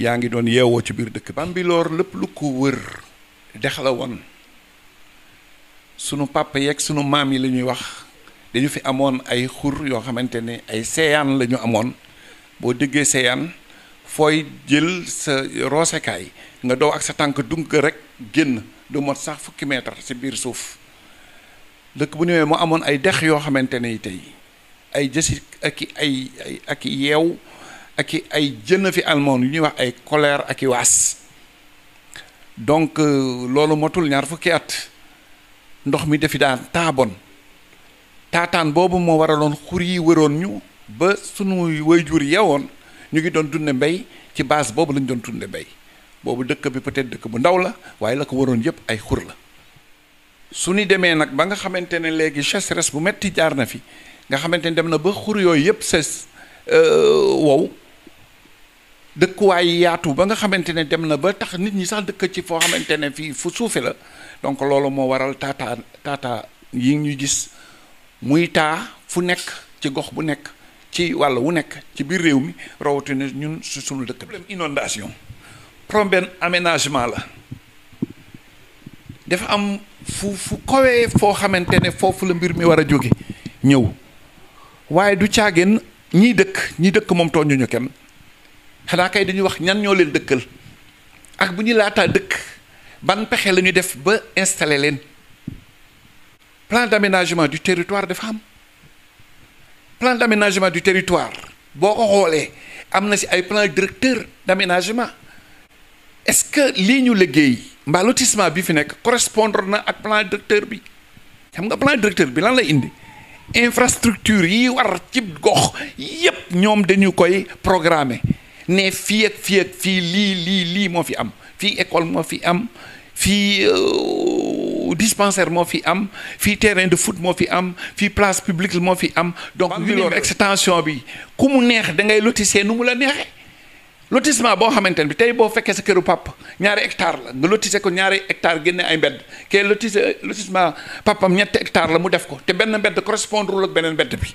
yaa ngi doon yeewoo ci biir dëkk bambiloor lépp lu ko wër dex la woon sunu papa yeeg sunu maam yi la ñuy wax dañu fi amoon ay xur yoo xamante ne ay seyan la ñu amoon boo déggee seeyaan fooy jël sa roosekaay nga dow ak sa tànk dunk rek génn du mot sax fukki mètre si biir suuf dëkk bu ñëwee mu amoon ay dex yoo xamante ne tey ay jësi ak ay ay ak ak ay jeun fi almond yu ñuy wax ay colère ak was waas donc euh, lolu motul ñaar fukki at ndox mi defi daan taabon taataan boobu moo waraloon xur yi wëron ñu ba sunu wayjur yewoon ya ñu ngi doon dundé mbéy ci base bobu lañ doon tundé mbéy bobu dekk bi peut-être dekk bu ndaw la waye la ko waroon yépp ay xur la su démé nak ba nga xamantene légui bu metti jaar na fi nga xamantene dem na ba xur yoy yépp ses euh, wow dëkkuwaay yaatu ba nga xamante ne dem na ba tax nit ñi sax dëkk ci foo xamante ne fii fu suufe la donc loolu moo waral tata tata yi ñu gis muy taa fu nekk ci gox bu nekk ci wàll wu nekk ci biir réew mi rawatina ñun su sunu dëkk problème inondation problème aménagement la dafa am fu fu kowee foo xamante ne foofu la mbir mi war a jóge ñëw du caageen ñiy dëkk ñi dëkk moom tooñuñu kenn xanaa kay dañuy wax ñan ñoo leen dëkkal ak bu ñu laataa dëkk ban pexe la ñu def ba installer leen plan d'aménagement du territoire dafa am plan d'aménagement du territoire boo ko xoolee am na ci ay plan directeur d'aménagement est-ce que lii ñu liggéey mbaa lotissement bi fi nekk correspondre na ak plan directeur bi xam nga plan directeur bi lan lay indi infrastructure yi war ci gox yépp ñoom dañu koy programmer ne fii ak fii ak fii lii lii fi am fi école mo fi am fii dispensaire mo fi am euh, fi terrain de foot mo fi am fi place publique mo fi am donc une extension bi ku mu neex da ngay lotisser nou mou la neexee lotissement bo xamante ne bi tey boo fekkee sa këru pap ñaari hectare la nga lotisser ko ñaari hectare génne ay mbedd kee lotissé lotissement papam ñetti hectare la mu def ko té benn mbedd correspondre ak benen mbedd bi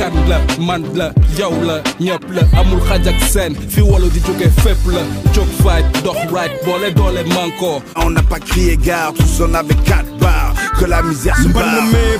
kan la man la yow la ñop la amul xaj ak seen fi wolo di joge fépp la jóg fight dox right boole doole manko on n'a pas crié gare tous on avait quatre barres que la misère se barre mbënn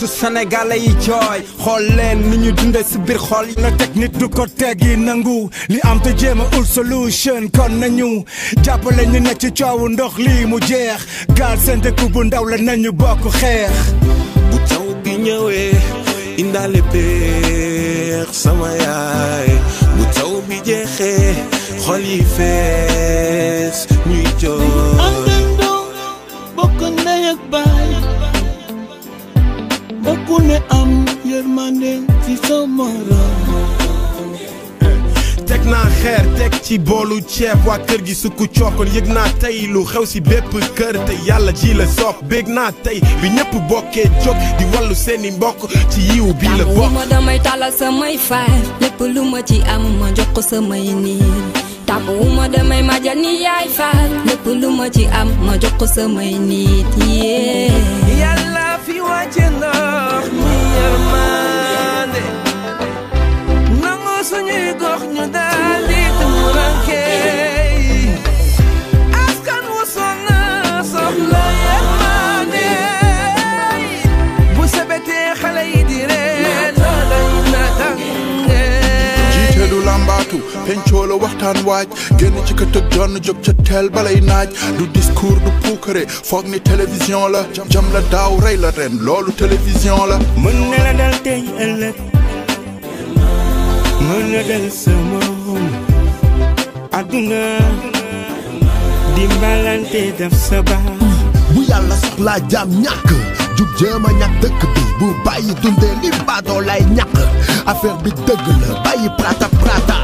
mi sénégalais yi jooy xool ni ñu dunde si biir xool la technique du ko tégi nangou li am te jema ul solution kon nañu jàppale ñu ne ci coowu ndox li mu jeex gaal seen dëkk bu ndaw la nañu bokk xex bu taw bi ñëwee taalibeex sama yaay bu taw bi jeexee xol yi fees ñuy jooy àndandoo bokk ndey ak baay bokk ne am yërmande ci sa morom teg naa xeer teg ci bolu chef wa keur gi sukku cookoon yëg naa tay lu xew ci bepp keur te yalla ji la soog bég naa tey bi ñepp bokke jóg di walu seni mbokk ci yiwu bi la bokk ma damay talal may faay lepp lu ma ci am ma jox ko samay niir tàmbuwuma damay maja yaay faal lepp lu ma ci am ma jox sa may ni yee fi wàcce ndox mi yërmande nangu suñuy gox ñu pencoo la waxtaan waaj génn ci kët ak jonn jóg ca teel balay naaj du discours du ni télévision la jam la daaw rey la ren loolu télévision la mën na la dal mën na dal sama dimbalante sa baax bu yàlla ñàkk jub dëkk bi bu bàyyi dundee li baadoo lay ñàkk affaire bi dëgg la bàyyi prata prata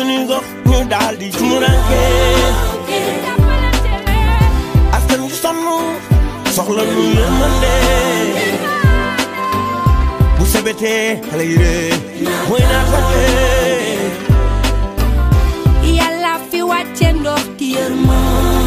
suñuy gox ñu daal di jumuranke askan wi sonn soxla nu yërmande bu sebetee xale yi ree mooy naat wàcce yàlla ki yërmande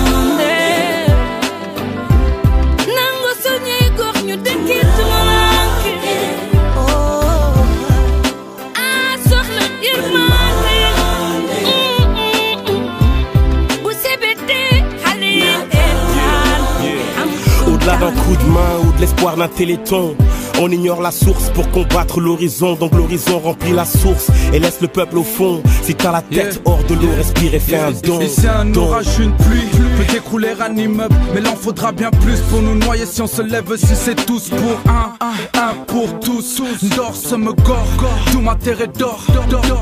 On ignore la source pour combattre l'horizon, donc l'horizon remplit la source et laisse le peuple au fond. Si t'as la tête hors de l'eau, respire et fais un don. Et c'est un orage, une pluie, peut écrouler un immeuble, mais l'en faudra bien plus pour nous noyer si on se lève, si c'est tous pour un, un, pour tous. Dors, me corps tout ma terre est d'or, d'or, d'or.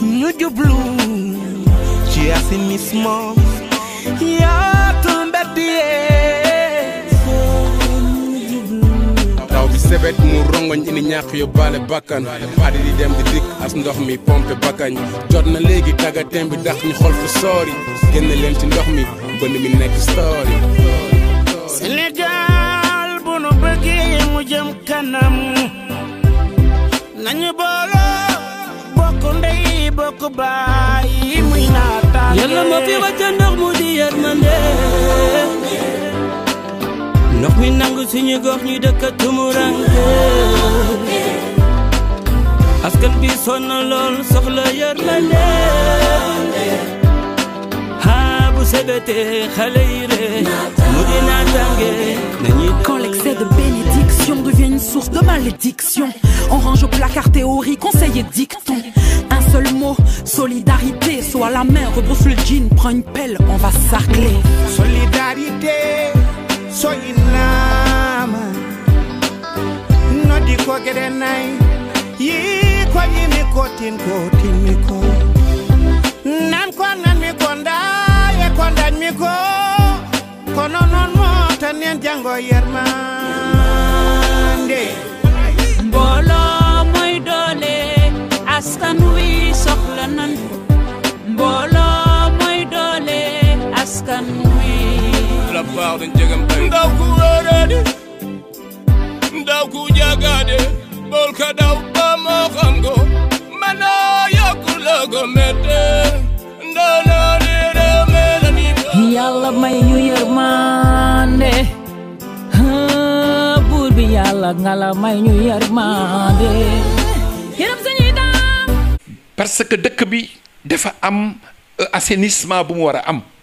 blue, j'ai assainissement, y'a sebet mu rongoñ indi ñàkk yóbbaale bakkan padi di dem di dikk as ndox mi pompe bakkañ jot na léegi tàggatem bi dax ñu xol fu yi génn leen ci ndox mi bënd mi nekk story Sénégal bu nu bëggee mu jëm kanam nañu booloo bokk ndey bokk baay muy naataange yàlla moo fi wàcce ndox mu di yërmande quand l'excès de bénédiction devient une source de malédiction on range au placard théorie conseil et dicton un seul mot solidarité soit la main rebrousse le jean prends une pelle on va sarcler solidarité so inama nodikogerenai yikwa yimikotin kotin miko nan kwanan mikonda ye kondany miko kononon mota nien jango yermande yeah. dan jangan baik Dau ku arade Dau ku jagade Bol ka dau go Mana ya ku mete Dana nere melani Yalla may ñu yermande Buur bi yalla ngala may ñu yermande Yaram Parce que dëkk bi dafa am euh, assainissement bu mu am